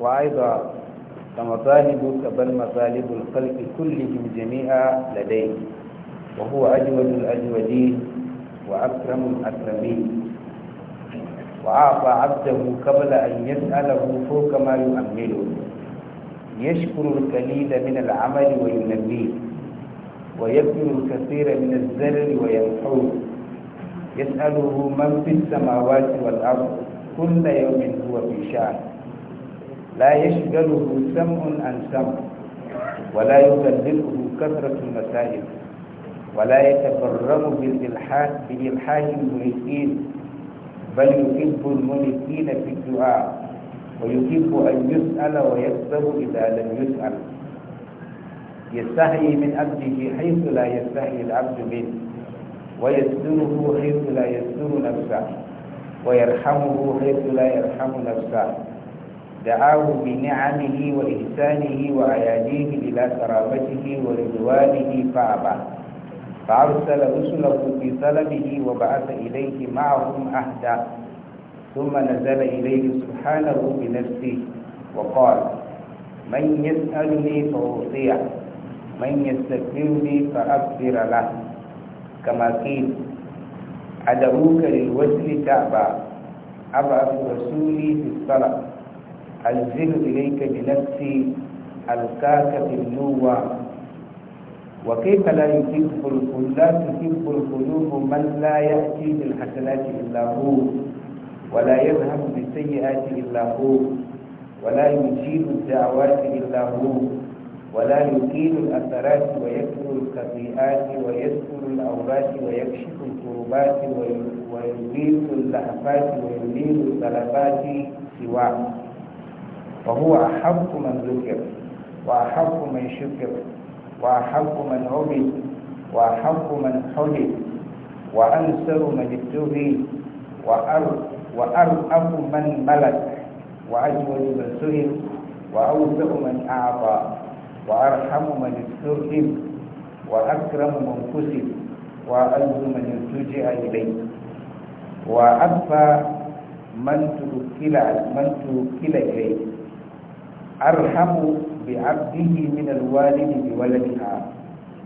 وأيضا فمطالبك بل مطالب الخلق كلهم جميعا لديه وهو أجود الأجودين وأكرم الأكرمين وأعطى عبده قبل أن يسأله فوق ما يؤمله يشكر القليل من العمل وينميه ويكفر الكثير من الزلل ويمحوه يسأله من في السماوات والأرض كل يوم هو في شأن لا يشغله سمع عن سمع ولا يبلغه كثرة المسائل ولا يتبرم بالإلحاد بإلحاد المنيسين بل يحب الملكين في الدعاء ويحب أن يسأل ويكذب إذا لم يسأل يستحي من عبده حيث لا يستحي العبد منه ويستره حيث لا يستر نفسه ويرحمه حيث لا يرحم نفسه دعاه بنعمه وإحسانه وأياديه إلى كرامته ورضوانه فأبى فأرسل رسله في طلبه وبعث إليه معهم أهدا ثم نزل إليه سبحانه بنفسه وقال من يسألني فأعطيه من يستكبرني فأكبر له كما قيل أدعوك للوزن تعبى أبعث رسولي في الصلاة أنزل إليك بنفسي ألقاك النوى وكيف لا يحب لا تحب القلوب من لا يأتي بالحسنات إلا هو ولا يذهب بالسيئات إلا هو ولا يجيب الدعوات إلا هو ولا يقيل الأثرات ويكفر الخطيئات ويستر الأوراق ويكشف الكربات ويغيث اللهفات ويميل الطلبات سواه فهو أحق من ذكر وأحق من شكر وأحق من عبد وأحق من حلد وأنسر من ابتغي وأرأف من ملك وأجود من سئل وأوسع من أعطى وأرحم من استرحم وأكرم من كسب وأعز من التجئ إليه وأكفى من توكل من توكل إليه أرحم بعبده من الوالد بولدها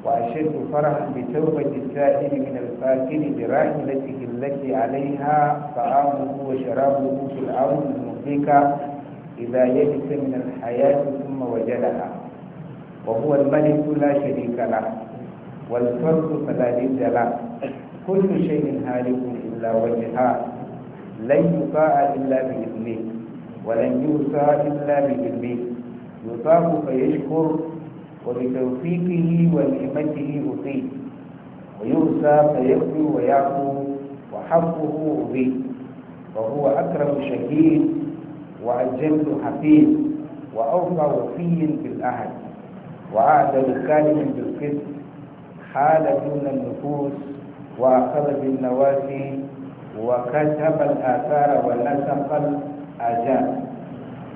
وأشد فرحا بتوبة السائل من الفاكر براحلته التي عليها طعامه وشرابه في الأرض المهلكة إذا يئس من الحياة ثم وجدها وهو الملك لا شريك له والفرد فلا جد له كل شيء هالك إلا وجهه لن يطاع إلا بإذنه ولن يوصى إلا بإذنه يطاف فيشكر وبتوفيقه ونعمته أطيع ويوصى فيغفر ويعفو وحقه أضيع وهو أكرم شهيد وأجل حفيظ وأوفى وفي بالأهل وأعدل كالم بالقسط حال دون النفوس وأخذ بالنواسي وكتب الآثار ونسق الحاجات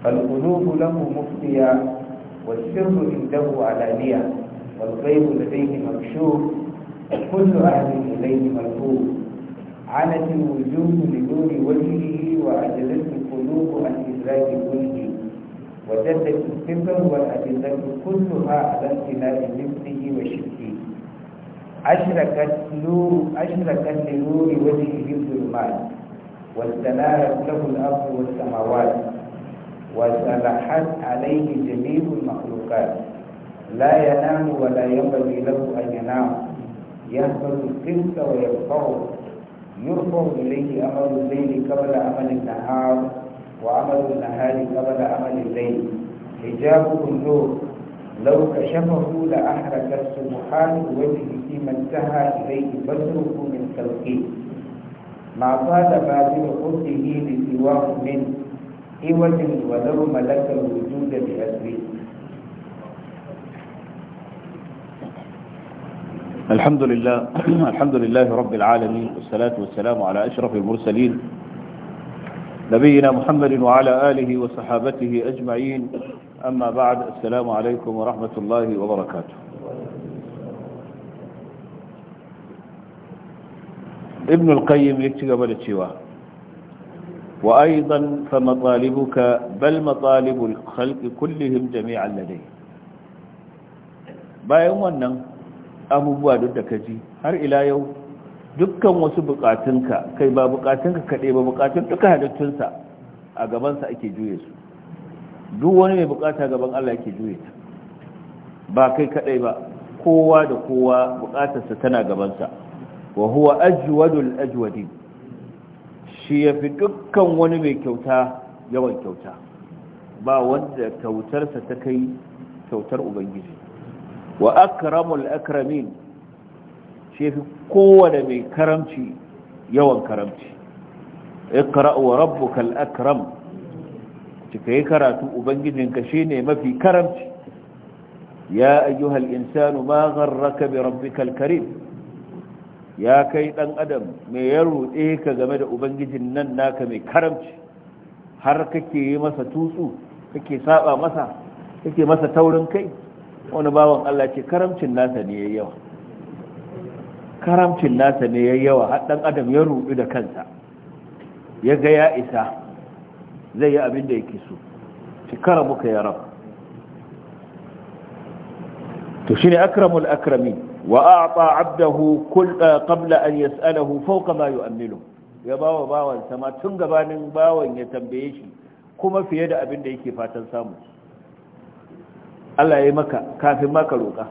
فالقلوب له مفضية والسر عنده علانية والغيب لديه مكشوف وكل أهل إليه مرفوع علت الوجوه لدون وجهه وعجلت القلوب عن إدراك كله وجدت الفكر والأدلة كلها على امتلاء نفسه وشركه أشركت نور أشركت لنور وجهه الظلمات واستنارت له الأرض والسماوات وسمحت عليه جميع المخلوقات لا ينام ولا ينبغي له أن ينام يهبط القسط ويرفعه يرفع إليه أمل الليل قبل أمل النهار وعمل النهار قبل عمل الليل حجابه النور لو كشفه لاحرك السبحان وجهه فيما انتهى إليه بدره من خلقه ما فات باطل قصده بسواه من عوج ولو ملك الوجود بأسره الحمد لله الحمد لله رب العالمين والصلاة والسلام على أشرف المرسلين نبينا محمد وعلى آله وصحابته أجمعين أما بعد السلام عليكم ورحمة الله وبركاته ibn al-qayyim ya ci gaba da cewa wa aidan fa matalibuka bal matalibul khalqi kullihim jami'an ladai bayan wannan abubuwa duk da kaji har ila yau dukkan wasu bukatunka kai ba bukatunka kaɗai ba bukatun duka halittunsa a gabansa ake juye su duk wani mai bukata gaban Allah yake juye ta ba kai kadai ba kowa da kowa bukatarsa tana gabansa wa huwa ajwadul ajwadi shi yafi dukkan wani mai kyauta yawan kyauta ba wanda kyautarsa ta kai kyautar ubangiji wa akramul akramin shi yafi kowane mai karamci yawan karamci iqra wa rabbukal akram kika yi karatu ubangijinka shine mafi karamci ya ayyuhal insanu ma gharraka bi rabbikal karim ya kai ɗan adam mai ya ruɗe ka game da ubangijin nan naka mai karamci har kake yi masa tutsu kake saba masa kake masa taurin kai wani bawan Allah ce karamcin nasa ne yayi yawa karamcin nasa ne yayi yawa har ɗan adam ya ruɗu da kansa ya ga ya isa zai yi abin da yake so shekara muka ya rab to shine akramul akramin وأعطى عبده كل قبل أن يسأله فوق ما يؤمله ya bawa bawan sama tun gabanin bawan ya tambaye shi kuma fiye da abin da yake fatan samu Allah ya yi maka kafin maka roka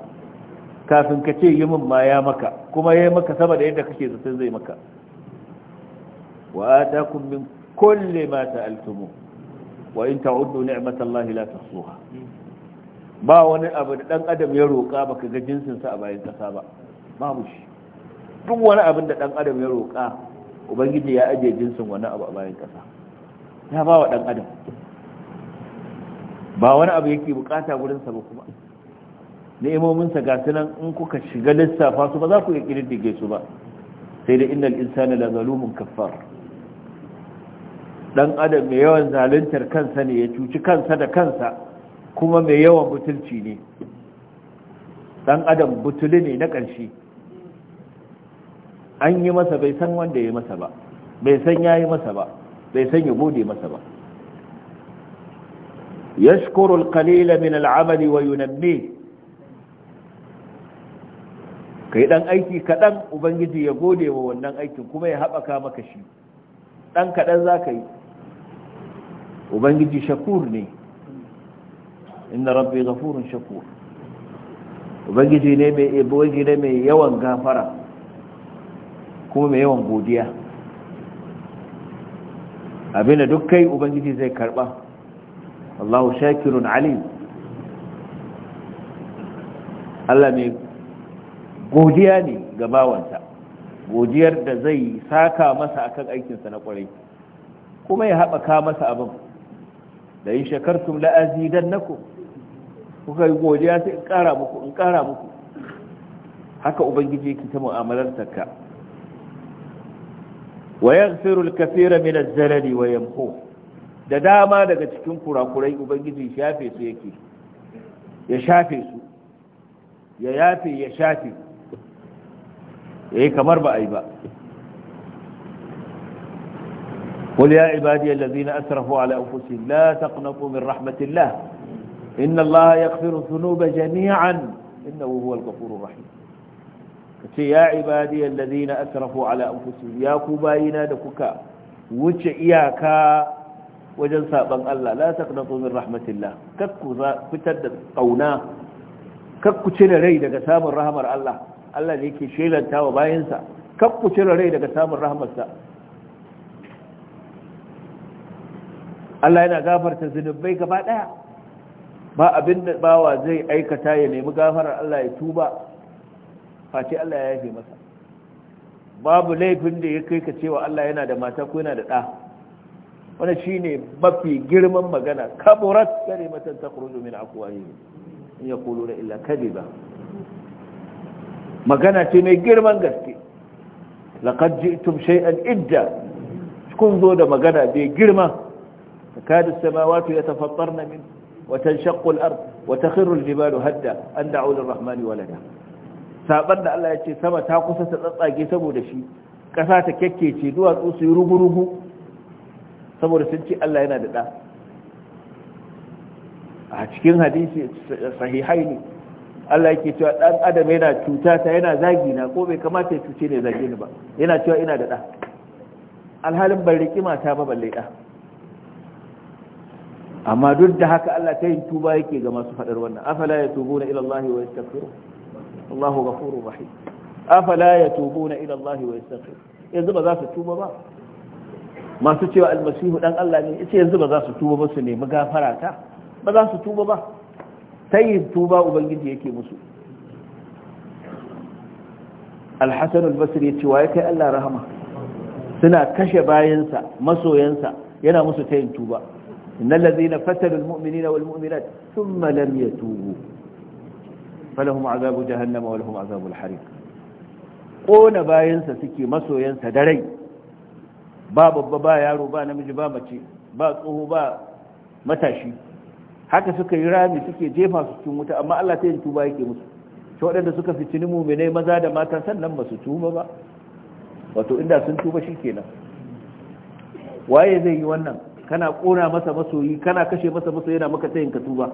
kafin ka ce yi min ma ya maka kuma ya yi maka sama da yadda kake zaton zai maka wa atakum min kulli ma ta'altumu wa in ta'uddu ni'matallahi la tuhsuha ba wani abu da dan adam ya roƙa baka ga jinsin sa a bayan kasa ba babu shi duk wani abin da dan adam ya roƙa ubangiji ya ajiye jinsin wani abu a bayan kasa ya ba wa dan adam ba wani abu yake bukata gurin sa ba kuma ni'imomin sa ga sunan in kuka shiga lissafa su ba za ku iya kididdige su ba sai da innal insana la zalumun kaffar dan adam mai yawan zaluntar kansa ne ya cuci kansa da kansa kuma mai yawan butulci ne dan adam butuli ne na ƙarshe an yi masa bai san wanda ya masa ba bai san ya yi masa ba bai san ya gode masa ba min القليل wa Yunanne. Ka kai dan aiki kaɗan ubangiji ya gode wa wannan aikin kuma ya haɓaka maka shi dan za ka yi ubangiji shakur ne inna rabbi ghafurun shakur ubangiji ne mai ubangiji ne mai yawan gafara kuma mai yawan godiya abinda duk kai ubangiji zai karba Allahu shakirun alim Allah mai godiya ne ga bawansa godiyar da zai saka masa akan aikinsa na kwarai kuma ya haɓaka masa abin da in shakartum la'azidannakum kuka yi godiya sai in kara muku in kara muku haka ubangiji yake ta mu'amalantar ka wa yaghfiru al-kathira min az-zalali wa yamhu da dama daga cikin kurakurai ubangiji shafe su yake ya shafe su ya yafe ya shafe eh kamar ba ai ba قل يا عبادي الذين أسرفوا على أنفسهم لا تقنطوا من رحمة الله inna allaha yaghfiru dhunuba jami'an innahu huwal ghafurur rahim kace ya ibadiy alladhina asrafu ala anfusihim ya ku bayina da kuka wuce iyaka wajen saban Allah la taqnatu min rahmatillah kakku fitar da kauna kakku cire rai daga samun rahmar Allah Allah ne yake shelanta wa bayinsa kakku cire rai daga samun rahmarsa Allah yana gafarta zunubai gaba daya ba abin da bawa zai aikata ya nemi gafarar Allah ya tuba face Allah ya yafe masa babu laifin da ya kai ka cewa Allah yana da mata ko yana da ɗa wani shine mafi girman magana kaburat ta takhruju min aqwalihim in da illa ba, magana ce mai girman gaske laqad ji'tum shay'an idda kun zo da magana bai girma takadu samawati yatafattarna min. وتنشق الأرض وتخر الجبال هدا أن دعوا للرحمن ولدا saban da Allah yace sama ta kusa ta tsatsage saboda shi ƙasa ta kyakkece duwatsu su yi rugu-rugu saboda sun ce Allah yana da ɗa a cikin hadisi sahihai Allah yake cewa dan adam yana cuta ta yana zagi na ko bai kamata ya cuce ne zage ni ba yana cewa ina da ɗa alhalin ban rikima mata ba balle ɗa amma duk da haka Allah ta yi tuba yake ga masu faɗar wannan afala ya tubu na ilallahi wa yastaghfiru Allahu ghafurur rahim afala ya tubu na ilallahi wa yastaghfiru yanzu ba za su tuba ba masu cewa almasihu dan Allah ne yace yanzu ba za su tuba ba su nemi gafara ta ba za su tuba ba sai tuba ubangiji yake musu alhassan albasir ya ce wa ya kai Allah rahama suna kashe bayansa masoyansa yana musu tayin tuba innal ladhina fatalu almu'minina walmu'minat thumma lam yatubu falahum azabu jahannama walahum azabul hariq kona bayansa suke masoyansa da rai ba babba ba yaro ba namiji ba mace ba tsoho ba matashi haka suka yi rami suke jefa su cikin wuta amma Allah ta yin tuba yake musu shi waɗanda suka fitini muminai maza da mata sannan ba su ba wato inda sun tuba shi kenan waye zai yi wannan kana ƙona masa masoyi kana kashe masa masoyi yana maka tayin ka tuba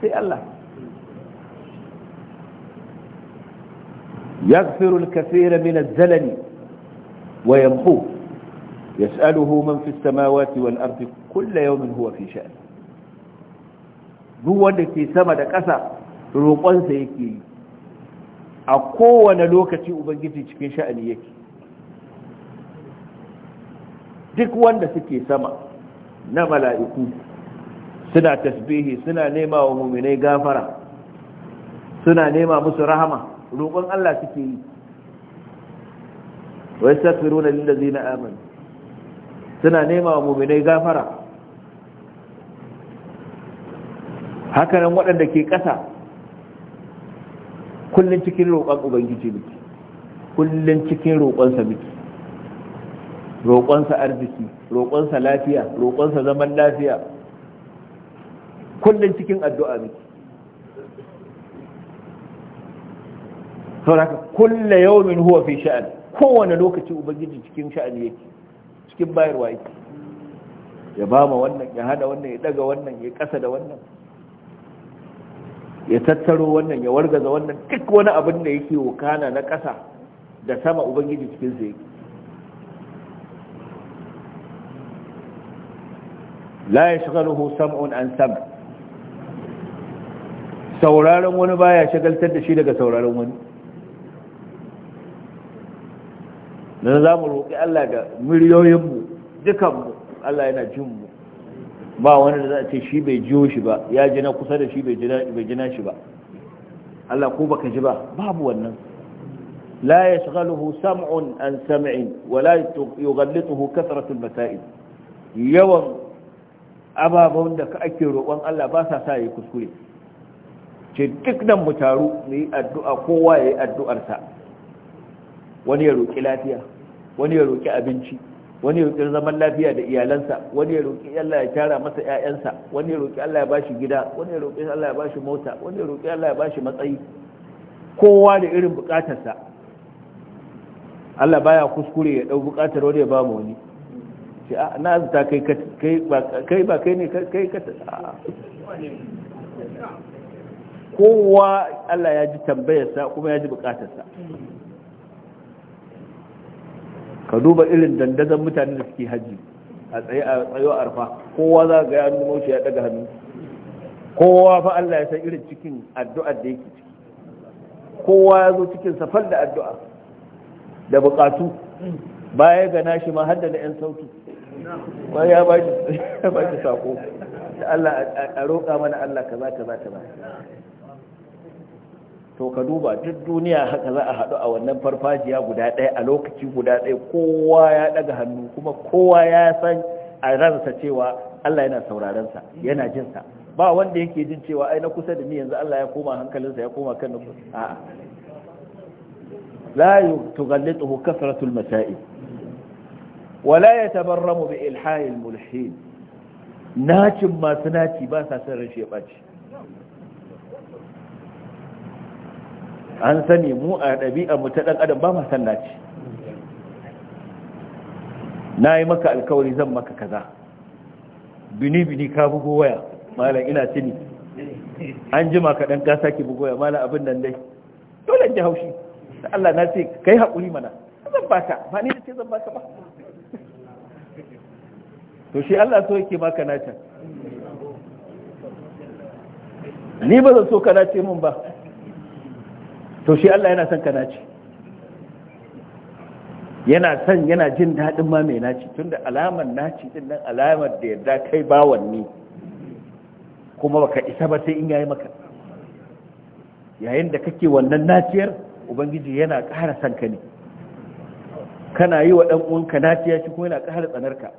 sai Allah يغفر الكثير من الزلل ويمحوه يسأله من samawati wal-ardi كل يوم huwa fi sha'n duk wanda ke sama da ƙasa roƙonsa yake yi a kowane lokaci ubangiji cikin sha'ani yake duk wanda suke sama na mala'iku suna tasbihi suna nema wa muminai gafara suna nema musu rahama roƙon Allah suke yi wai safiru na lillazi na amin suna nema wa muminai gafara hakanan waɗanda ke ƙasa kullum cikin roƙon ubangiji miki kullum cikin roƙonsa miki roƙonsa arziki roƙonsa lafiya roƙonsa zaman lafiya kullum cikin addu'a miki sauraka kulla yawmin huwa fi sha'an kowane lokaci ubangiji cikin sha'an yake cikin bayarwa yake ya bama wannan ya hada wannan ya daga wannan ya kasa da wannan ya tattaro wannan ya wargaza wannan duk wani abin da yake wukana na kasa da sama ubangiji cikin sa yake la yashghaluhu sam'un an sam sauraron wani baya shagaltar da shi daga sauraron wani dan za mu roƙi Allah da miliyoyinmu dukanmu Allah yana jin mu ba wani da za a ce shi bai jiyo shi ba ya jina kusa da shi bai jina shi ba Allah ko baka ji ba babu wannan la yashghaluhu sam'un an sam'in wa la yughallitu kathratu al-masail yawan ababen da ake roƙon Allah ba sa sa yi kuskure ce duk nan mu taru mu yi addu'a kowa ya yi addu'arsa wani ya roƙi lafiya wani ya roƙi abinci wani ya roƙi zaman lafiya da iyalansa wani ya roƙi Allah ya tara masa ƴaƴansa wani ya roƙi Allah ya bashi gida wani ya roƙi Allah ya bashi mota wani ya roƙi Allah ya bashi matsayi kowa da irin buƙatarsa Allah baya kuskure ya ɗau buƙatar wani ya ba mu wani ce a na azuta kai ba kai ne kai kata kowa Allah ya ji tambayarsa kuma ya ji bukatarsa ka duba irin dandazon mutane da suke haji a tsaye a tsayo arfa kowa za ga yanu nuna ya daga hannu kowa fa Allah ya san irin cikin addu'ar da yake ciki kowa ya zo cikin safar da addu'a da bukatu baya ga nashi ma haddana 'yan sauki ba ya ba shi sako da Allah a roƙa mana Allah ka ka za za ka ba to ka duba duk duniya haka za a haɗu a wannan farfajiya guda ɗaya a lokaci guda ɗaya kowa ya ɗaga hannu kuma kowa ya san a ransa cewa Allah yana saurarensa yana jinsa ba wanda yake jin cewa ai na kusa da ni yanzu Allah ya koma hankalinsa ya koma kan a'a la tughallitu kasratul masail wala ya tabarramu bi ilhayil mulhin nacin masu naci ba sa son rashe ɓaci an sani mu a ɗabi'a mu ta ɗan adam ba ma san naci na yi maka alkawari zan maka kaza bini-bini ka bugo waya malam ina tuni an jima ka ɗan gasa ki bugo waya malam abin nan dai dole ji haushi da Allah na ce kai haƙuri mana zan ba baka ba ni da ce zan ka ba to shi Allah so yake baka nata ni ba zan so ka nace mun ba to shi Allah yana son ka nace yana son yana jin daɗin ma mai naci tunda alamar naci din nan alamar da yadda kai bawan ni kuma baka isa ba sai in yayi maka yayin da kake wannan naciyar ubangiji yana ƙara son ka ne kana yi wa ɗan uwanka naciya shi kuma yana ƙara tsanarka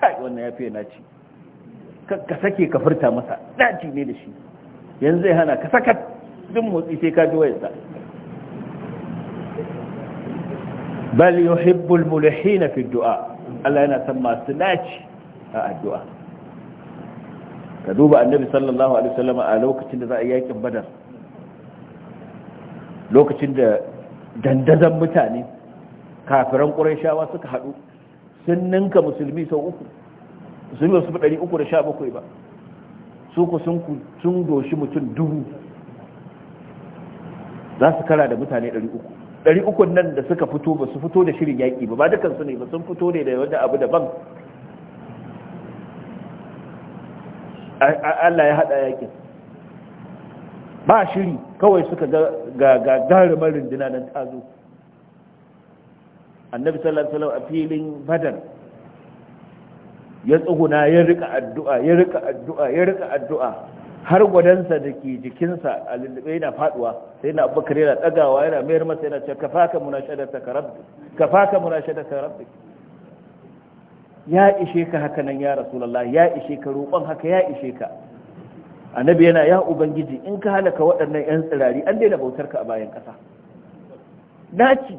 kai wannan ya fiye naci ka sake ka furta masa naci ne da shi yanzu zai hana ka saka duk motsi sai ka ji wayarsa bal yuhibbul mulihina fi du'a Allah yana san masu naci a addu'a ka duba annabi sallallahu alaihi wasallam a lokacin da za a yakin badar lokacin da dandazan mutane kafiran ƙurashawa suka haɗu sun ninka musulmi sau uku musulmi su ɗari uku da sha bakwai ba su ku sun doshi mutum dubu za su kara da mutane ɗari uku ɗari uku nan da suka fito ba su fito da shirin yaƙi ba ba su ne ba sun fito ne da wani abu daban Allah ya haɗa yaƙin ba shiri kawai suka ga gagarumin rundunar nan ta zo annabi sallallahu alaihi wasallam a filin badar ya tsuguna ya rika addu'a ya rika addu'a ya rika addu'a har gwadansa da ke jikinsa a lullube yana faduwa sai na abubakar yana tsagawa yana mayar masa yana ce kafaka munashadata ka rabbi kafaka munashadata rabbi ya ishe ka haka nan ya rasulullah ya ishe ka roƙon haka ya ishe ka annabi yana ya ubangiji in ka halaka waɗannan yan tsirari an daina bautar ka a bayan ƙasa naci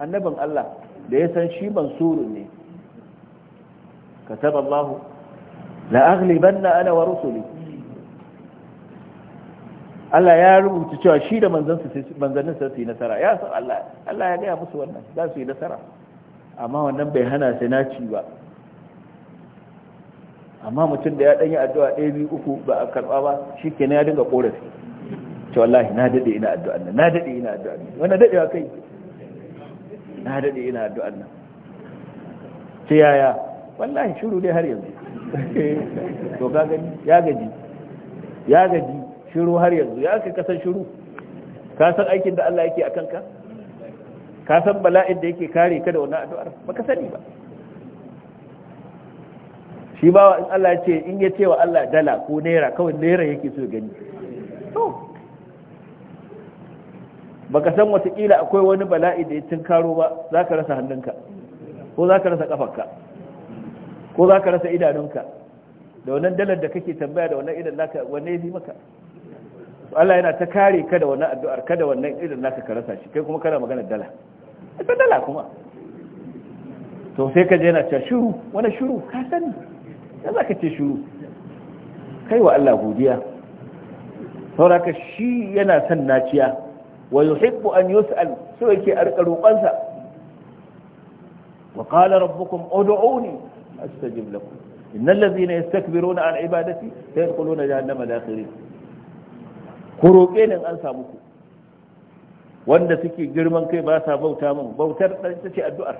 annabin Allah da ya san shi mansurun ne Ka taba Allah la aghlibanna ana wa rusuli Allah ya rubuta cewa shi da manzannin sa yi nasara ya san Allah Allah ya gaya musu wannan za su yi nasara amma wannan bai hana sai naci ba amma mutum da ya danyi addu'a ɗaya biyu uku ba a karɓa ba shi kenan ya dinga ƙorafi ce wallahi na daɗe ina addu'an na daɗe ina addu'an wannan daɗewa kai na daɗe ina addu'an nan ce yaya wallahi shiru dai har yanzu to ka gani ya gaji ya gaji shiru har yanzu ya kai kasan shiru ka san aikin da Allah yake a kanka ka san bala'in da yake kare ka da wannan addu'ar ba ka sani ba shi ba in Allah ya ce in ya ce wa Allah dala ko naira kawai naira yake so gani to baka san watakila akwai wani bala'i da ya tunkaro ba za ka rasa hannunka ko za ka rasa kafarka ko za ka rasa idanunka da wannan dalar da kake tambaya da wannan idan naka wanne ya fi maka Allah yana ta kare ka da wannan addu'ar ka da wannan idan naka ka rasa shi kai kuma kana magana dala ita dala kuma to sai ka je yana cewa shiru wani shiru ka sani ya za ka ce shiru kai wa Allah godiya ka shi yana son naciya wa yuhibbu an yus'al so yake a rika roƙonsa wa qala rabbukum ud'uni astajib lakum innal ladhina yastakbiruna an ibadati sayadkhuluna jahannama dakhirin ku roƙe ni an samu ku wanda suke girman kai ba sa bauta mun bautar dan ta ce addu'ar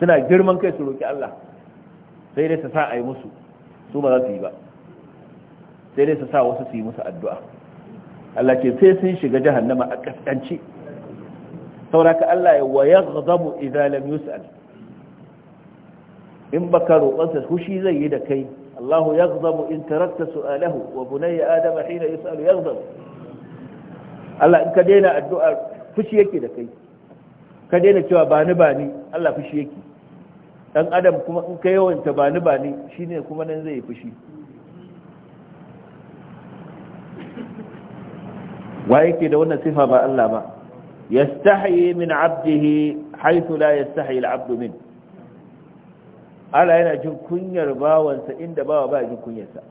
suna girman kai su roƙi Allah sai dai su sa a musu su ba za su yi ba sai dai su sa wasu su yi musu addu'a Allah ce sai sun shiga jahannama a kaskanci sauraka Allah ya wa yaghdabu idza lam yus'al in baka roƙonsa hushi zai yi da kai Allah yaghdabu in tarakta su'alahu wa bunayya adam hina yus'alu yaghdabu Allah in ka daina addu'a fushi yake da kai ka daina cewa ba ni ba ni Allah fushi yake dan adam kuma in ka yawanta ba ni ba ni shine kuma nan zai fushi Waye ke da wannan sifa ba Allah ba yastahi min abdihi haythu la yastahi al-abdu min Allah yana jin kunyar bawansa inda bawa ba jin kunyarsa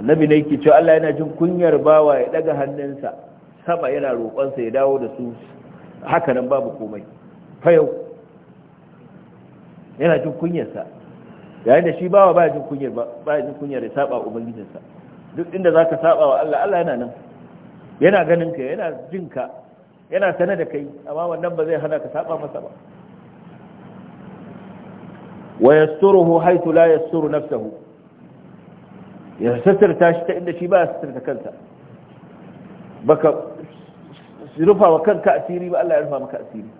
annabi ne yake cewa Allah yana jin kunyar bawa ya daga hannunsa saba yana roƙonsa ya dawo da su haka nan babu komai fayau yana jin kunyarsa yayin da shi bawa ba jin kunyar ba jin kunyar ya saba ubangijinsa duk inda za ka saba wa Allah Allah yana nan yana ganin ka yana jin ka yana sane da kai amma wannan ba zai hana ka saba masa ba wa yasturuhu haythu la yasturu nafsuhu ya satirta shi ta inda shi ba ya ta kansa baka rufa wa kanka asiri ba Allah ya rufa maka asiri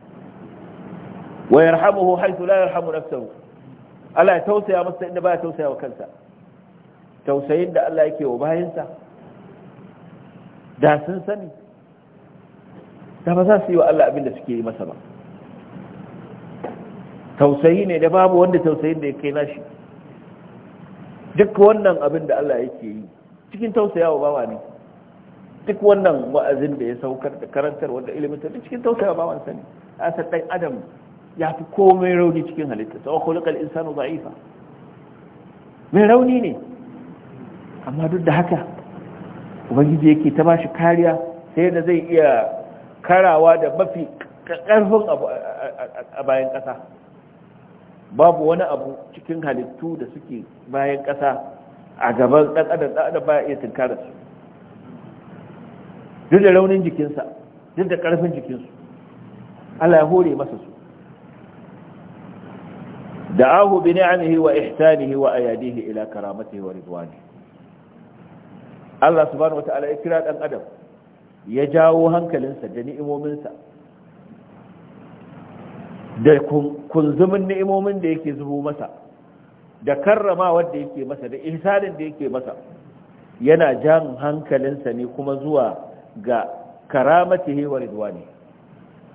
wa yarhamuhu haythu la yarhamu nafsuhu Allah ya tausaya masa inda ba ya tausaya wa kansa tausayin da Allah yake wa bayansa da sun sani da ba za su yi wa Allah abin da suke yi masa ba tausayi ne da babu wanda tausayin da ya kai nashi duk wannan abin da Allah yake yi cikin tausaya wa bawa ne duk wannan wa'azin da ya saukar da karantar wanda ilimin ta cikin tausaya wa bawa sani asar dan adam ya fi komai rauni cikin halitta sa wa khulqal insanu da'ifa mai rauni ne amma duk da haka ubangiji yake ta bashi kariya sai da zai iya karawa da mafi karfin abu a bayan ƙasa babu wani abu cikin halittu da suke bayan ƙasa a gaban ɗan adam ɗan adam baya iya tunkarar su duk da raunin jikinsa duk da ƙarfin jikinsu Allah ya hore masa su da'ahu bi ni'amihi wa ihsanihi wa ayadihi ila karamatihi wa ridwanihi Allah subhanahu wata'ala ya kira dan adam ya jawo hankalinsa da ni'imominsa da kunzumin ni'imomin da yake zubo masa da karrama wanda yake masa da ihsanin da yake masa yana jan hankalinsa ne kuma zuwa ga karamatihi wa ridwani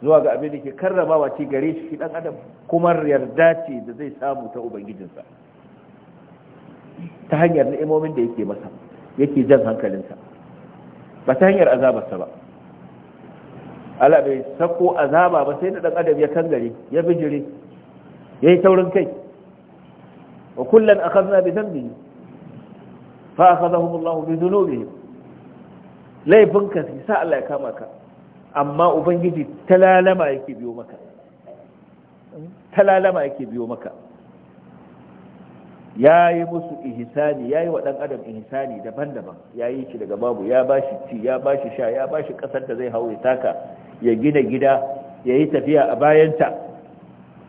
zuwa ga abin da ke karramawa ce gare shi dan adam kuma yarda ce da zai samu ta ubangijinsa ta hanyar ni'imomin da yake masa yake jan hankalinsa ba ta hanyar azabarsa ba Allah bai sako azaba ba sai da dan adam ya kangare ya bijire yayi taurin kai wa kullan akhadna bi dhanbihi fa akhadhahum Allah bi dhunubihim laifin ka sa Allah ya kama ka amma ubangiji talalama yake biyo maka talalama yake biyo maka ya yi musu ihsani ya yi wa ɗan adam ihsani daban-daban ya yi shi daga babu ya ba shi ci ya ba shi sha ya ba shi ƙasar da zai hau ya taka ya gina gida ya yi tafiya a bayanta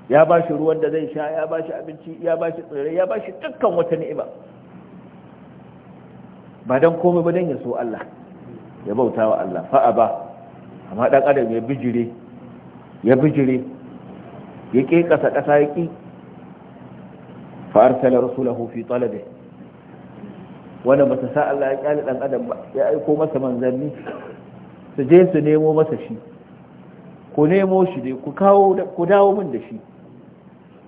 ya ba shi ruwan da zai sha ya ba shi abinci ya ba shi tsirrai ya ba shi dukkan wata ni'ima ba don komai ba don ya so Allah ya bauta wa Allah fa'a ba amma ɗan adam ya bijire ya bijire ya ƙe ƙasa ƙasa ya ƙi فأرسل رسوله في طلبه وانا متساءل adam ba. Ya aiko masa مسا Su je su nemo masa shi. ku nemo shi dai ku dawo min da shi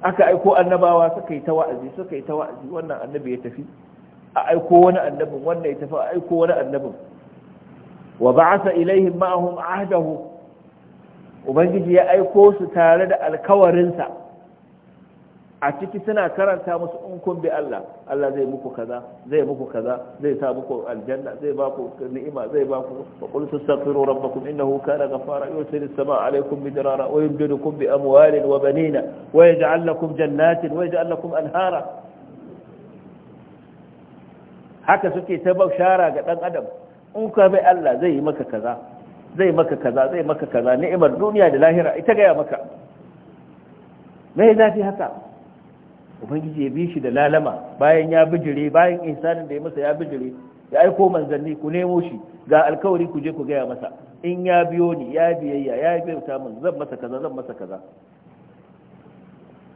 aka aiko annabawa suka yi ta wa'azi suka yi ta wa'azi wannan annabi ya tafi a aiko wani annabin wannan ya tafi a aiko wani annabin wa ba'asa ilaihim ma'ahum ahdahu ubangiji ya aiko su tare da alkawarinsa a ciki suna karanta musu in kun bi Allah Allah zai muku kaza zai muku kaza zai sa muku aljanna zai ba ku ni'ima zai ba ku wa qul tastaghfiru rabbakum innahu kana ghafara yusilu as-samaa'a 'alaykum bidirara wa yumdidukum bi amwalin wa banina wa yaj'al lakum jannatin wa yaj'al lakum anhara haka suke ta bashara ga dan adam in ka bi Allah zai maka kaza zai maka kaza zai maka kaza ni'imar duniya da lahira ita ga ya maka me zafi haka ubangiji ya bi shi da lalama bayan ya bijire bayan insanin da ya masa ya bijire ya aiko manzanni ku nemo shi ga alkawari ku je ku gaya masa in ya biyo ni ya biyayya ya ta mun zan masa kaza zan masa kaza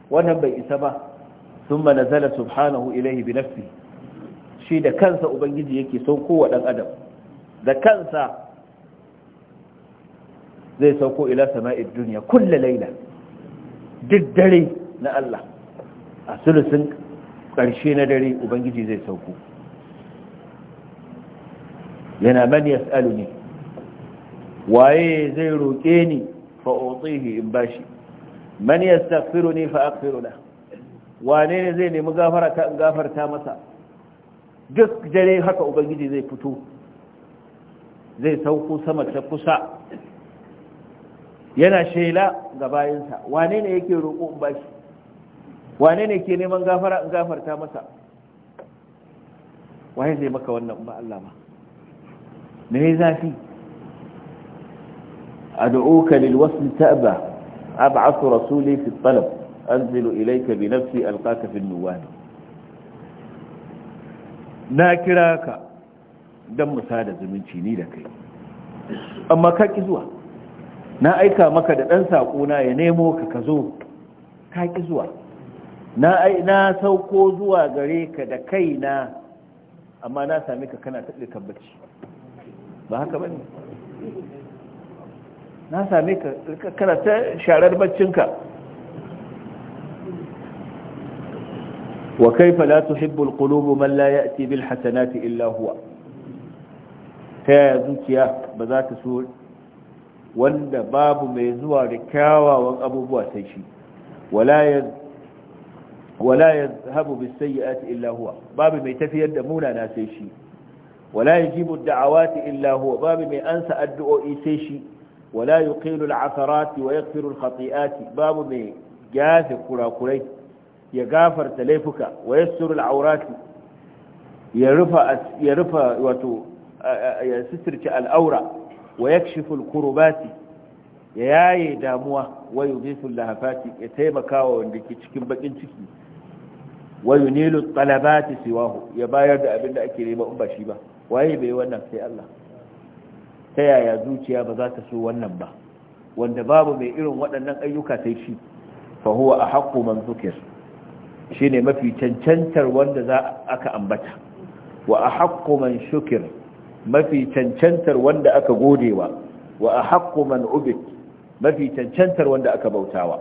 wannan bai isa ba thumma nazala subhanahu ilayhi bi nafsi shi da kansa ubangiji yake son kowa dan adam da kansa zai sauko ila sama'id dunya kullu laila duk dare na Allah a sulusun ƙarshe na dare ubangiji zai sauko yana man ne. waye zai roƙe ni fa otsihi in bashi man ne fa aghfiru lahu wane ne zai nemi gafara ta gafarta masa duk dare haka ubangiji zai fito zai sauko sama ta kusa yana shela ga bayansa wane ne yake roƙo in bashi wane ne ke neman gafara in gafarta masa waye zai maka wannan ba Allah ba me zafi أدعوك للوصل تأبى أبعث رسولي في الطلب أنزل إليك بنفسي ألقاك في zumunci ni da kai. Amma ka أما zuwa. na aika maka da ɗan na ya nemo ka ka zo ka ƙi zuwa na na sauko zuwa gare ka da kaina amma na sami ka kana taɗe kabbaci ba haka ba ne na sami ka kana ta sharar baccinka wa kaifa la tuhibbu alqulubu man la ya'ti bil hasanati illa huwa ta yaya zuciya ba za ta so wanda babu mai zuwa da kyawawan abubuwa sai shi wala ya ولا يذهب بالسيئات إلا هو باب ما يتفي مولا ناسيشي ولا يجيب الدعوات إلا هو باب ما أنسى الدعو إيسيشي ولا يقيل العثرات ويغفر الخطيئات باب ما جاث قرى قريت يغافر تليفك ويسر العورات يرفع يرفع وتو يسترك الأورى ويكشف الكربات يا يداموه ويضيث اللهفات يتيبكا وندكي تشكين بكين تشكين wa yunilu talabati siwahu ya bayar da abin da ake nema in ba shi ba waye bai wannan sai Allah ta yaya zuciya ba za ta so wannan ba wanda babu mai irin waɗannan ayyuka sai shi fa huwa ahqqu man zukir shine mafi cancantar wanda za aka ambata wa ahqqu man shukir mafi cancantar wanda aka godewa wa ahqqu man ubid mafi cancantar wanda aka bautawa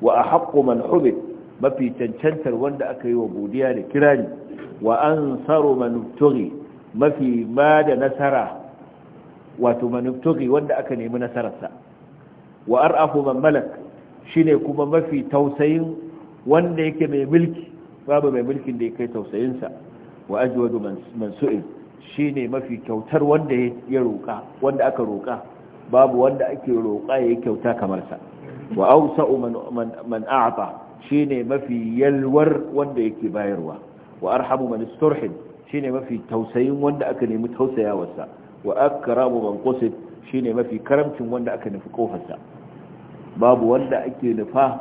wa ahqqu man hubid mafi cancantar wanda aka yi wa godiya da kirari wa an tsaro manuftugi mafi ma da nasara wato manuftugi wanda aka nemi nasararsa wa ar'afu man malak shine kuma mafi tausayin wanda yake mai mulki babu mai mulkin da ya kai tausayinsa wa ajwadu man su'il shine mafi kyautar wanda ya roƙa wanda aka roƙa babu wanda ake roƙa yi kyauta kamar sa wa sa'o man man a'ta shine mafi yalwar wanda yake bayarwa wa arhamu man isturhim shine mafi tausayin wanda aka nemi tausayawarsa wa akramu man qasid shine mafi karamcin wanda aka nufi kofarsa babu wanda ake nufa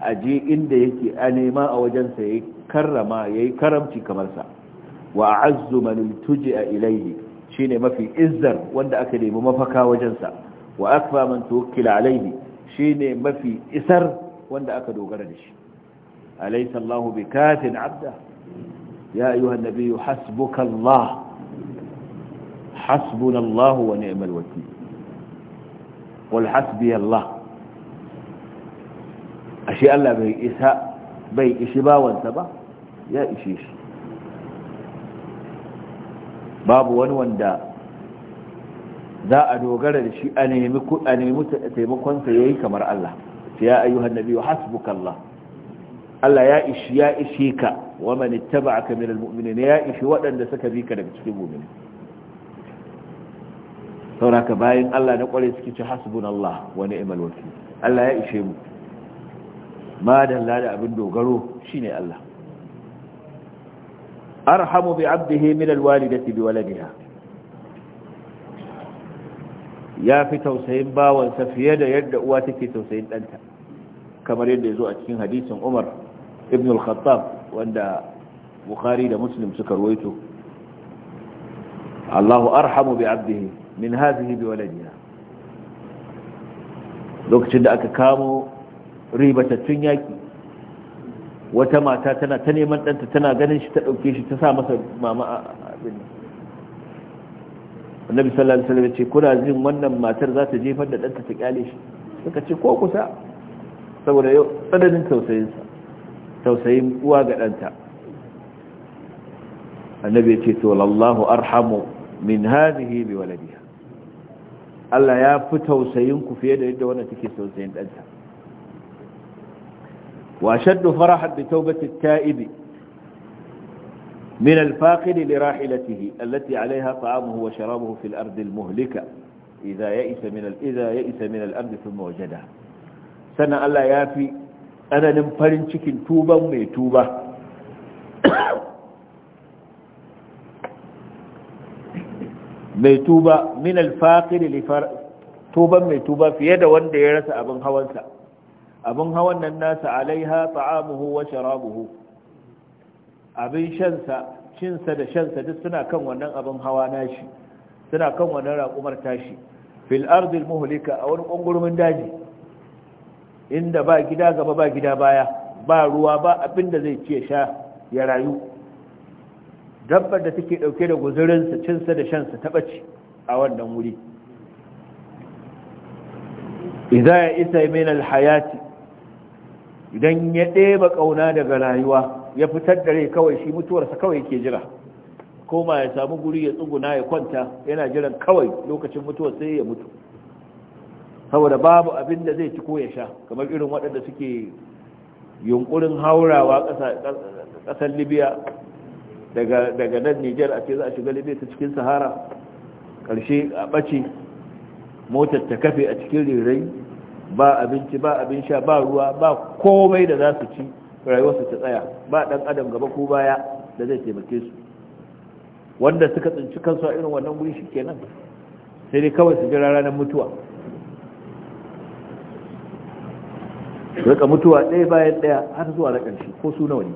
a je inda yake a nema a wajensa yayi karrama yayi karamci kamar sa wa azzu man tuji'a ilayhi shine mafi izzar wanda aka nemi mafaka wajensa wa akfa man tuwakkila alayhi shine mafi isar wanda aka dogara da shi alaysa Allahu bikafin abda ya ayyuhan nabiyyu hasbuka Allah hasbuna wa ni'mal wakeel wal hasbi Allah ashe Allah bai isa bai ishi bawansa ba ya ishe shi babu wani wanda za a dogara da shi a nemi taimakonsa ya yi kamar Allah ya ayyuhan nabiyyu hasbukallah Allah ya ishi ya ishe ka wa man ittaba'aka minal mu'minin ya ishi waɗanda suka bi ka daga cikin mu'mini sauraka bayan Allah na kware suke ce hasbunallah wa ni'mal wakil Allah ya ishe mu ma dalla da abin dogaro shine Allah arhamu bi 'abdihi min alwalidati bi waladiha ya fi tausayin bawansa fiye da yadda uwa take tausayin ɗanta kamar yadda ya zo a cikin hadisin umar ibn al-khattab wanda bukhari da muslim suka ruwaito allahu arhamu bi abdihi min hazihi bi waladiha lokacin da aka kamo ribatattun yaki wata mata tana ta neman ɗanta tana ganin shi ta ɗauke shi ta sa masa mama abin annabi sallallahu alaihi wasallam ya ce kuna jin wannan matar za ta jefar da ɗanta ta kyale shi suka ce ko kusa saboda yau tsananin tausayin uwa ga ɗanta annabi ya ce to lallahu arhamu min hadhihi bi waladiha Allah ya fi tausayin ku fiye da yadda wannan take tausayin ɗanta wa shaddu farahan bi tawbati taibi من الفاقد لراحلته التي عليها طعامه وشرابه في الأرض المهلكة إذا يئس من إذا يئس من الأرض ثم وجدها سنة الله يافي أنا نمفرن شكل توبة ميتوبة ميتوبة من الفاقد لفر توبة ميتوبة في يد وند يرس أبن هونسا أبن هون الناس عليها طعامه وشرابه abin shansa cinsa da shansa duk suna kan wannan abin hawa nashi suna kan wannan raƙumar tashi fil ardil muhlika a wani ƙungurmin daji inda ba gida gaba ba gida baya ba ruwa ba abin da zai ce sha ya rayu dabbar da take ɗauke da guzurinsa cinsa da shansa ta ɓace a wannan wuri idza ya isa min hayati idan ya ɗeba ƙauna daga rayuwa ya fitar da rai kawai shi mutuwarsa kawai ke jira koma ya samu guri ya tsuguna ya kwanta yana jiran kawai lokacin mutuwar sai ya mutu saboda babu abin da zai ci ko ya sha kamar irin waɗanda suke yunkurin haurawa ƙasar libya daga nan niger a ce za a shiga libya ta cikin sahara ƙarshe a ɓace motar ta kafe a cikin rirai ba abinci ba abin sha ba ruwa ba komai da za su ci rayuwarsu ta tsaya ba dan adam gaba ko baya da zai taimake su wanda suka tsinci kansu a irin wannan guri kenan sai dai kawai su jira ranar mutuwa rika mutuwa ɗaya bayan ɗaya har zuwa na ƙarshe ko su nawa ne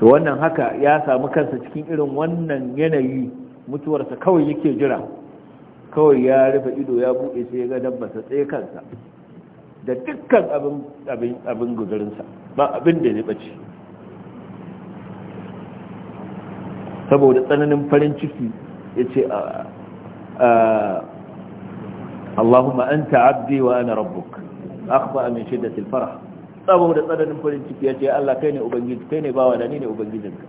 to wannan haka ya samu kansa cikin irin wannan yanayi mutuwarsa kawai yake jira kawai ya rufe ido ya buɗe sai ya ga dabbasa tsaye kansa da dukkan abin guzurinsa ba abin da ya bace saboda tsananin farin ciki ya ce Allahumma an ta'abdi wa ana rabbuk akhba min shiddati al-farah saboda tsananin farin ciki ya ce Allah kai ne ubangiji kai ne bawa da ni ne ubangijinka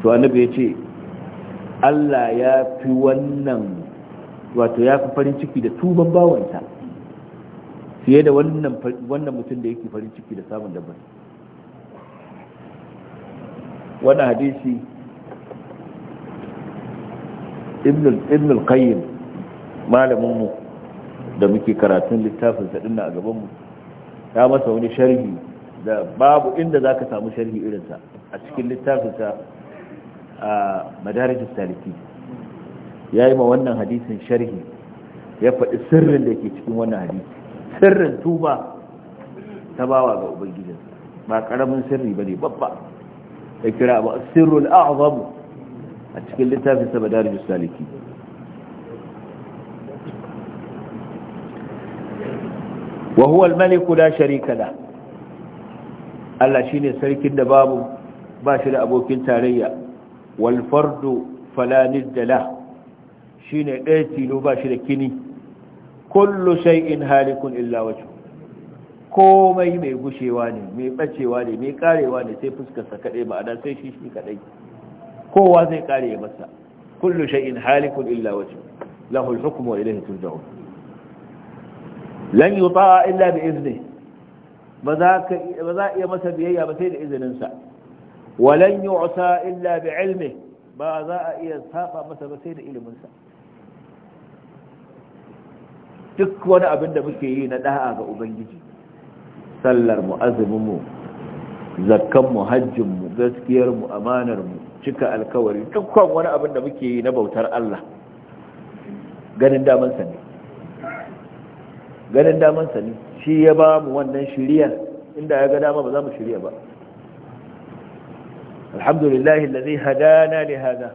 to annabi ya ce Allah ya fi wannan wato ya fi farin ciki da tuban bawanta fiye da wannan mutum da yake farin ciki da samun dabbar Wani hadisi ibn al-qayyim malaminmu da muke karatun littafin sadinna a gabanmu ya masa wani sharhi da babu inda za ka samu sharhi irinsa a cikin littafinsa a madarajar saliki ya yi ma wannan hadisin sharhi ya faɗi sirrin da ke cikin wannan hadisi sirrin tuba ta bawa ga ubangijin ba ƙaramin sirri ba ne babba ya kira ba sirrul a'zamu a cikin littafin sa madarijus saliki wa huwa al-malik la sharika la Allah shine sarkin da babu ba shi da abokin tarayya wal fardu fala nidda lahu ne ɗaya tilo ba shi da kini kullu in halikun illa komai mai gushewa ne mai ɓacewa ne mai karewa ne sai fuskarsa kadai ma'ana sai shi shi kaɗai kowa zai kare masa kullu in halikun illa lahul lahu al-hukmu wa ilayhi turja'un lan yuta'a illa bi iznihi ba za a iya masa biyayya ba sai da izininsa Wa walan yu'sa illa bi ilmi ba za a iya saba masa ba sai da iliminsa duk wani abin da muke yi na da'a ga ubangiji sallar mu azumin mu zakkan mu hajjin mu gaskiyar mu amanar mu cika alkawari dukkan wani abin da muke yi na bautar Allah ganin daman sa ne ganin daman sa ne shi ya ba mu wannan shiriyar inda ya ga dama ba za mu shiriya ba alhamdulillah alladhi hadana li hada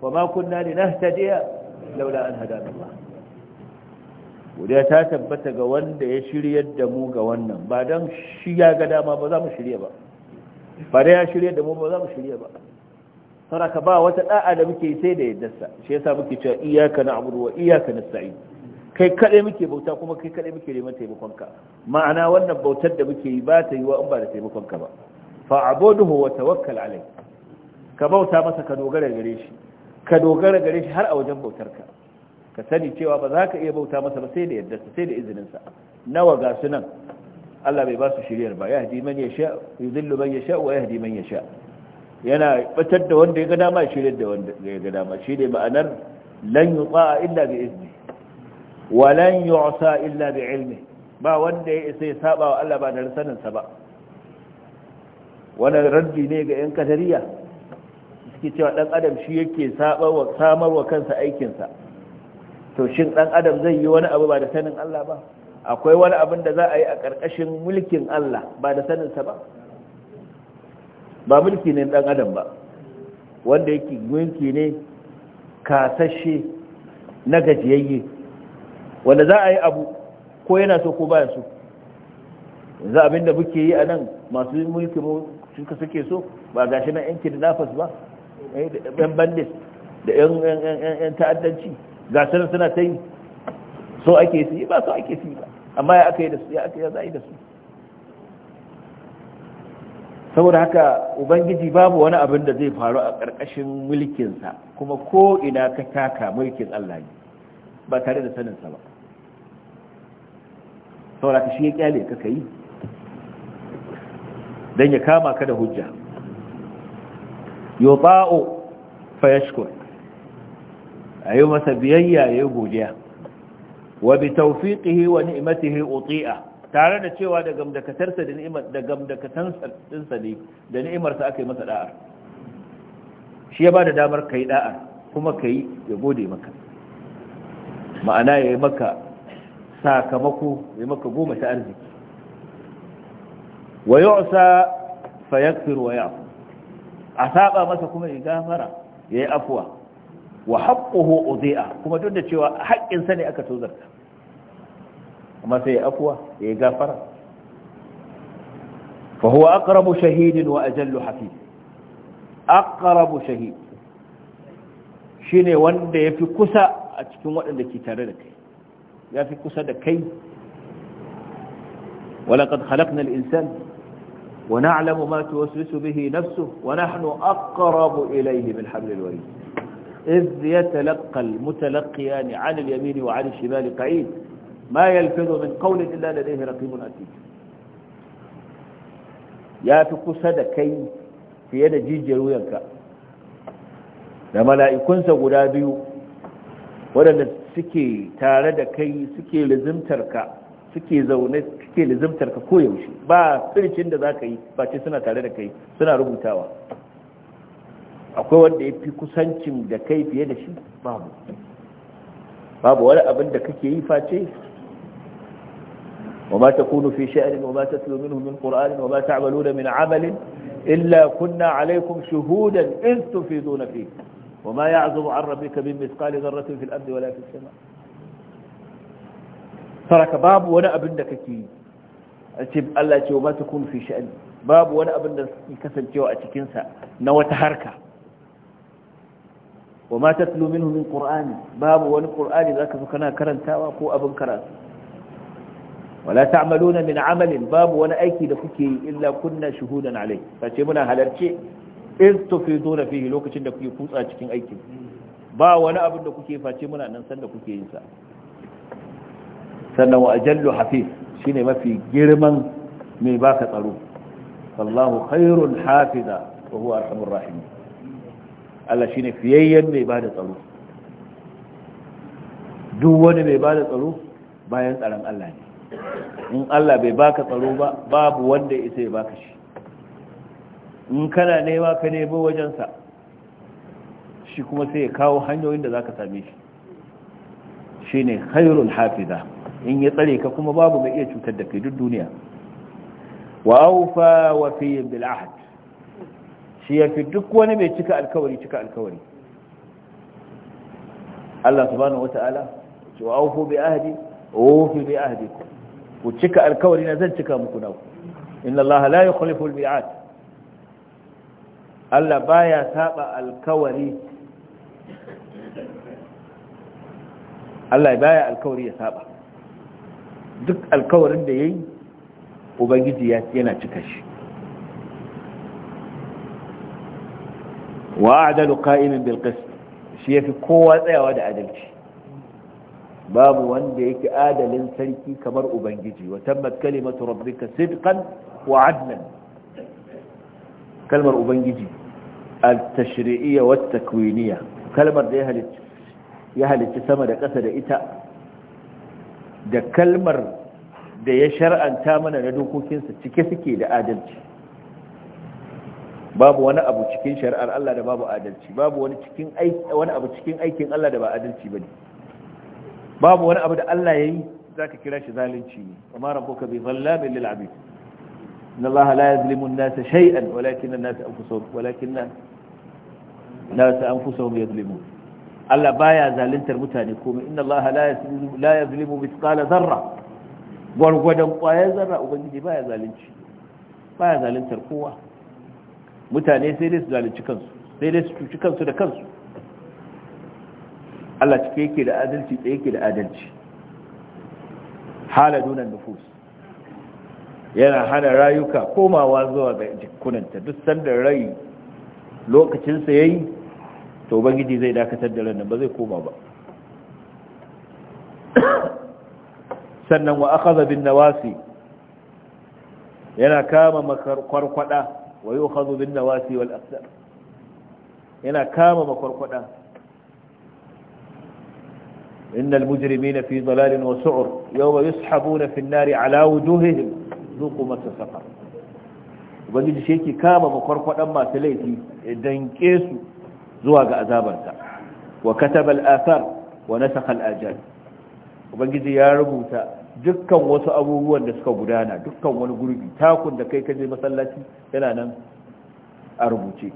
wa ne na linahtadiya laula an hadana ba. ya ta tabbata ga wanda ya shirya da mu ga wannan ba don shi ya ga dama ba za mu shirya ba ba da ya shirya da mu ba za mu shirya ba ka ba wata da'a da muke sai da yaddarsa shi yasa muke cewa iyaka na na'budu wa na sa'i. kai kaɗe muke bauta kuma kai kaɗe muke neman taimakon ka ma'ana wannan bautar da muke yi ba ta yi wa in ba da taimakon ka ba fa'buduhu wa tawakkal alai ka bauta masa ka dogara gare shi ka dogara gare shi har a wajen bautar ka ka sani cewa ba za ka iya bauta masa ba sai da yadda sai da izinin sa nawa ga sunan Allah bai ba su shiriyar ba yahdi man yasha yudillu man yasha wa yahdi man yasha yana batar da wanda ya ga dama shiriyar da wanda ya ga dama shi ne ma'anar lan yuqa illa bi izni wa lan yu'sa illa bi ilmi ba wanda ya isa ya saba wa Allah ba da sanin sa ba wannan raddi ne ga yan kadariya suke cewa dan adam shi yake saba wa samarwa kansa aikin sa to shin dan adam zai yi wani abu ba da sanin Allah ba akwai wani abin da za a yi a ƙarƙashin mulkin Allah ba da saninsa ba ba mulki ne dan adam ba wanda yake mulki ne kasashe na gajiyayye wanda za a yi abu ko yana so ko baya so za abin da muke yi a nan masu mulki mu suke so ba gashi na yankin nafas ba yan eh, bandit da yan ta'addanci ga sun suna ta yi so ake su ba so ake su ba amma ya aka yi da su ya aka yi za yi da su saboda haka ubangiji babu wani abin da zai faru a ƙarƙashin mulkinsa kuma ko ina ka taka mulkin Allah ne ba tare da saninsa ba saboda ka shi ya kyale ka kai don ya kama ka da hujja yota'o fayashkur a yi masa biyayya ya yi godiya wa bi tawfiqihi wa ni'matihi uti'a tare da cewa da gamdakatarsa da ni'imar da gamdakatansa dinsa ne da ni'imarsa aka yi masa da'a shi ya bada damar kai da'a kuma kai ya gode maka ma'ana ya yi maka sakamako ya yi maka goma ta arziki wa yu'sa fayaghfir wa ya'fu a saba masa kuma ya gafara ya yi afuwa wa haqquhu udi'a kuma duk da cewa haƙƙin sa ne aka tozarta amma sai ya afwa ya gafara fa huwa aqrabu shahidin wa ajallu hafiz aqrabu shahid shine wanda yafi kusa a cikin waɗanda ke tare da kai yafi kusa da kai ولقد خلقنا الإنسان ونعلم ما توسوس به نفسه ونحن أقرب إليه من حبل الوريد إذ يتلقى المتلقيان عن اليمين وعن الشمال قعيد ما يلفظ من قول إلا لديه رقيب أتيد ya fi kusa da kai fiye da jijiyar wuyanka da mala'ikunsa guda biyu waɗanda suke tare da kai suke lizimtarka suke zaune suke lizimtarka koyaushe ba fircin da za ka yi ba suna tare da kai suna rubutawa akwai wanda ya fi kusancin da kai fiye da shi babu babu wani abin da kake yi face وما تكون في شأن وما تتلو منه من قرآن وما تعملون من عمل إلا كنا عليكم شهودا إذ تفيدون فيه وما يعزب عن ربك من مثقال ذرة في الأرض ولا في السماء ترك باب وانا ابن دككي أتب الله وما تكون في شأن باب وانا ابن دككي كسل جوا أتكنسا نوتهركا wa ma tatlu minhu min qur'ani babu wani qur'ani zaka zo kana karantawa ko abin karatu wala ta'maluna min amalin babu wani aiki da kuke yi illa kunna shuhudan alai sace muna halarce iz tufiduna fihi lokacin da kuke kutsa cikin aikin ba wani abin da kuke face muna nan san da kuke yin sa sannan wa ajallu hafiz shine mafi girman mai baka tsaro allahu khairul hafiza wa huwa arhamur Allah shi ne fiyayyen mai bada tsaro duk wani mai bada tsaro bayan tsaron Allah ne in Allah bai baka tsaro ba babu wanda isa ya baka shi in kana nema ka nemo wajensa shi kuma sai ya kawo hanyoyin da za ka same shi shi ne khairul hafiza in ya tsare ka kuma babu mai iya cutar da kai duk duniya wa aufa wa fiye shi ya fi duk wani mai cika alkawari cika alkawari Allah subhanahu wata'ala ce wa aufu bi ahdi wa wufi bi ahdi ku cika alkawari na zan cika muku naku inna Allah la yukhlifu al-mi'ad Allah baya saba alkawari Allah baya alkawari ya saba duk alkawarin da yayi ubangiji yana cika shi wa adalu qa'imin bil qist shi yafi kowa tsayawa da adalci babu wanda yake adalin sarki kamar ubangiji wa tammat kalimatu rabbika sidqan wa adlan kalmar ubangiji al-tashri'iyya wat takwiniyya kalmar da ya halicci sama da ƙasa da ita da kalmar da ya shar'anta mana na dokokinsa cike suke da adalci babu wani abu cikin shari'ar Allah da babu adalci babu wani abu cikin aikin Allah da ba adalci bane babu wani abu da Allah ya yi za ka kira shi zalunci ne amma ka bi zallamin lil abid inna Allah la yuzlimu an-nasa shay'an walakin an-nasa anfusuhum walakin an-nasa anfusuhum zilimu. Allah baya zaluntar mutane komai inna Allah la yuzlimu zilimu yuzlimu mithqala dharra gwargwadon kwayar zarra ubangiji baya zalunci baya zaluntar kowa mutane sai dai su zalunci kansu sai dai su cuci kansu da kansu Allah cike yake da adalci tsaye yake da adalci hala dunan nufus yana hana rayuka komawa zuwa ga jikunanta duk sanda rai lokacinsa ya yi to bangiji zai dakatar da ranar ba zai koma ba sannan wa aka bin nawasi yana kama kwarkwada wa yu'khadhu bin nawasi wal aqdar yana kama makwarkwada innal mujrimina fi dalalin wa su'ur yawma yushabuna fi an-nari ala wujuhihim dhuqu massa saqar ubangiji shi yake kama makwarkwadan masu laifi idan kesu zuwa ga azabarsa wa kataba al-athar wa nasakha al-ajal ubangiji ya rubuta dukkan wasu abubuwan da suka gudana dukkan wani gurbi takun da kai kaje masallaci yana nan a rubuce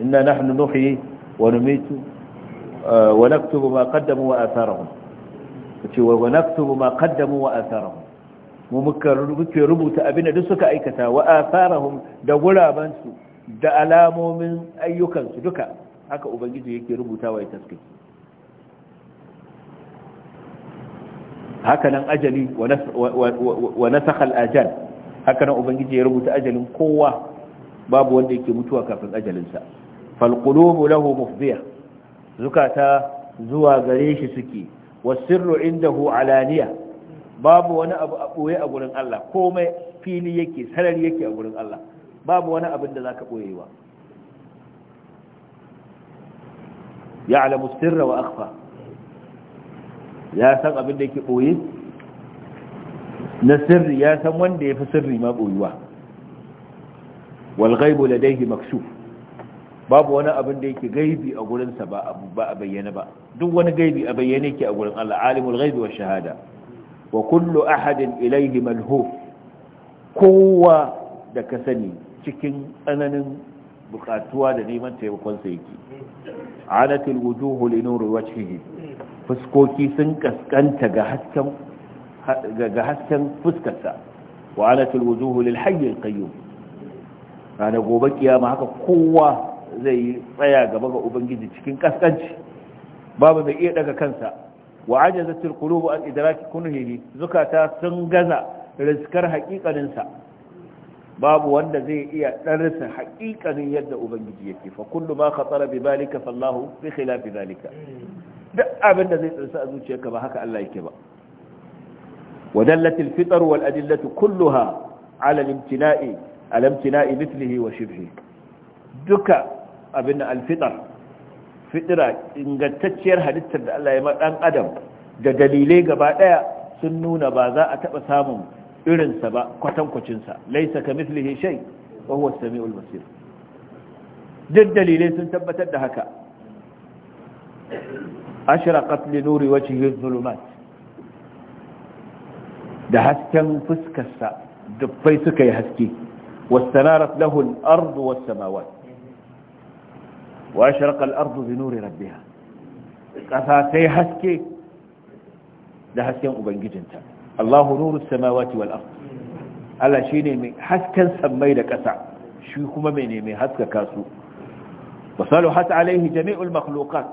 inna nahnu nuhyi wa numitu uh, wa naktubu ma qaddamu wa atharahum kace wa naktubu ma qaddamu wa atharahum mu muka rubuce rubuta abin da suka aikata wa atharahum da gurabansu da alamomin ayyukansu duka haka ubangiji yake rubutawa ya taskace hakanan ajali wa nasakha ajal haka nan ubangiji ya rubuta ajalin kowa babu wanda yake mutuwa kafin ajalinsa fal qulubu lahu mufdiya zukata zuwa gare shi suke wasirru indahu alaniya babu wani abu a boye a gurin Allah komai fili yake sarari yake a gurin Allah babu wani abin da zaka boyewa ya'lamu sirra wa akhfa ya san abin da yake ɓoye na sirri ya san wanda ya fi sirri ma ɓoyuwa da daihi maksuf babu wani abin da yake gaibi a gurinsa ba a bayyana ba duk wani gaibi a bayyane yake a gurin Allah alimul ghaibi wa shahada wa kullu ahadin ilaihi malhuf kowa da ka sani cikin tsananin bukatuwa da neman taimakon sa yake anatil wujuhu li nuri wajhihi fuskoki sun kaskanta ga hasken fuskarsa wa anatul wujuhu lil hayy al ranar gobe kiyama haka kowa zai yi tsaya gaba ga ubangiji cikin kaskanci babu mai iya daga kansa wa ajazatul qulubu an idraki kunhihi zukata sun gaza riskar haƙiƙanin sa babu wanda zai iya darasa hakikanin yadda ubangiji yake fa kullu ma khatara bi balika fallahu bi khilafi zalika duk abin da zai tsinsa a zuciyarka ba haka Allah yake ba ودلت الفطر والأدلة كلها على الامتناء على امتناء مثله وشبهه دك ابن الفطر فطرة إن قد تتشير حدثت ma يمتعن adam da dalilai gaba daya sun nuna ba za a taba samun irinsa ba kwatankwacinsa laisa ka mislihi shay wa huwa as-sami'ul basir duk dalilai sun tabbatar da haka ashraqat li nuri wajhihi adh-dhulumat da hasken fuskarsa dubbai suka yi haske wastanarat lahu al-ard was-samawat wa ashraqa al-ard bi nuri rabbiha kasa sai haske da hasken ubangijinta Allahu nuru samawati wal ard Allah shi ne mai hasken sammai da ƙasa shi kuma mai ne mai haskaka su wasaluhat alaihi jami'ul makhluqat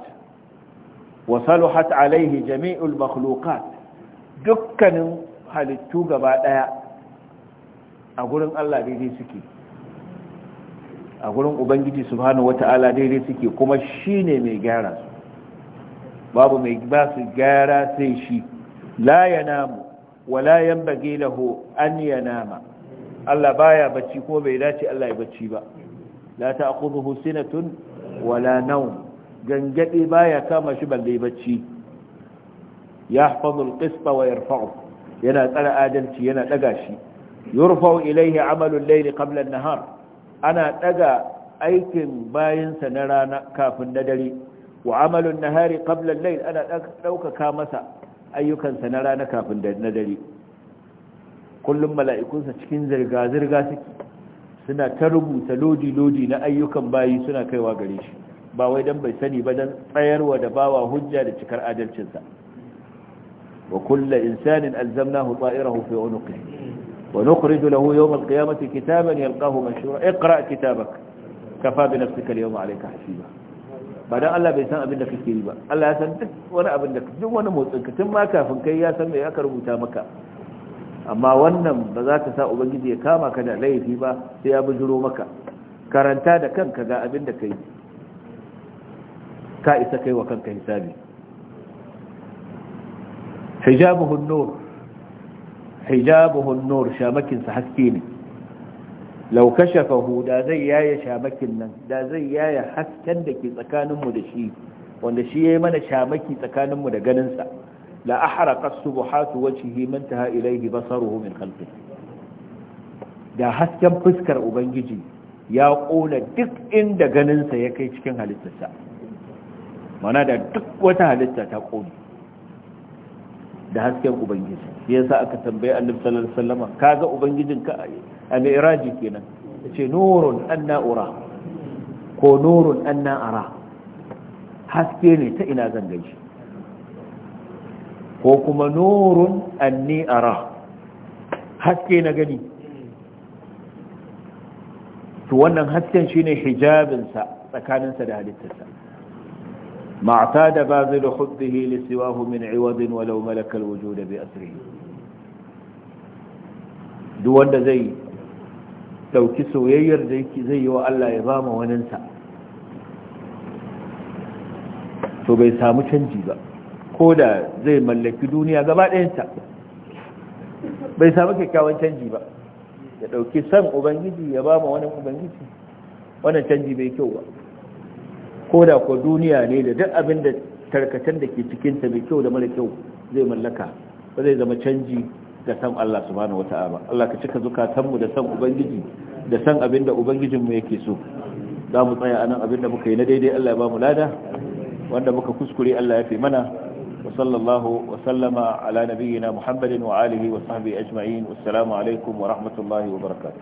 wa saluhat alaihi jami'ul makhluqat dukkanin halittu gaba daya a gurin Allah daidai suke a gurin ubangiji subhanahu wata'ala daidai suke kuma shine mai gyara babu mai ba su gyara sai shi la yanamu wala yanbaghi lahu an yanama Allah baya bacci ko bai dace Allah ya bacci ba la ta'khudhuhu sinatun wala nawm gangade baya kama shi balle bacci yahfazu alqisṭa wa yarfa'u yana tsara adalci yana daga shi yurfa'u ilayhi 'amalu al-layli qabla an-nahar ana daga aikin bayansa na rana kafin na dare wa 'amalu nahari qabla al-layl ana ɗaukaka masa ayyukansa na rana kafin na dare kullum mala'ikunsa cikin zirga-zirga suke suna ta rubuta lodi-lodi na ayyukan bayi suna kaiwa gare shi ba wai don bai sani ba dan tsayarwa da bawa hujja da cikar adalcinsa wa kullu insanin alzamnahu ta'irahu fi unuqihi wa nukhriju lahu yawm alqiyamati kitaban yalqahu manshura iqra kitabak kafa bi nafsika alyawma alayka hasiba ba dan Allah bai san abin da kake yi ba Allah ya san duk wani abin da duk wani motsin ka tun ma kafin kai ya san me aka rubuta maka amma wannan ba za ta sa ubangiji ya kama ka da laifi ba sai ya bujuro maka karanta da kanka ga abin da kai ka isa kai wa kanka hisabi hijabuhu an-nur hijabuhu an-nur shamakin sa haske ne law kashafahu da zai yaya shamakin nan da zai yaya hasken da ke tsakanin mu da shi wanda shi yayi mana shamaki tsakanin mu da ganin sa la ahraqa subuhatu wajhihi man taha ilayhi basaruhu min khalqihi da hasken fuskar ubangiji ya ƙona duk inda ganinsa ya kai cikin halittarsa mana da duk wata halitta ta kone da hasken ubangiji shi yasa aka tambaye annabi sallallahu alaihi wasallama kaga ubangijin ka a mi'raji kenan yace nurun anna ura ko nurun anna ara haske ne ta ina zan gaji ko kuma nurun anni ara haske na gani to wannan hasken shine hijabinsa tsakaninsa da halittarsa ما اعتاد باذل حبه لسواه من عوض ولو ملك الوجود بأسره duk wanda zai dauki soyayyar da zai yi wa Allah ya bama waninsa to bai samu canji ba ko da zai mallaki duniya gaba ɗayanta bai samu kyakkyawan canji ba ya dauki san ubangiji ya bama wani ubangiji wannan canji bai kyau ba ko da ko duniya ne da duk abin da tarkatan da ke cikin ta mai kyau da mara kyau zai mallaka ba zai zama canji ga san Allah subhanahu wata'ala Allah ka cika zukatanmu da san ubangiji da san abin da ubangijin mu yake so za mu tsaya anan abin da muka yi na daidai Allah ya ba mu lada wanda muka kuskure Allah ya fi mana wa sallallahu wa sallama ala nabiyyina Muhammadin wa alihi wa sahbihi ajma'in assalamu alaikum wa rahmatullahi wa barakatuh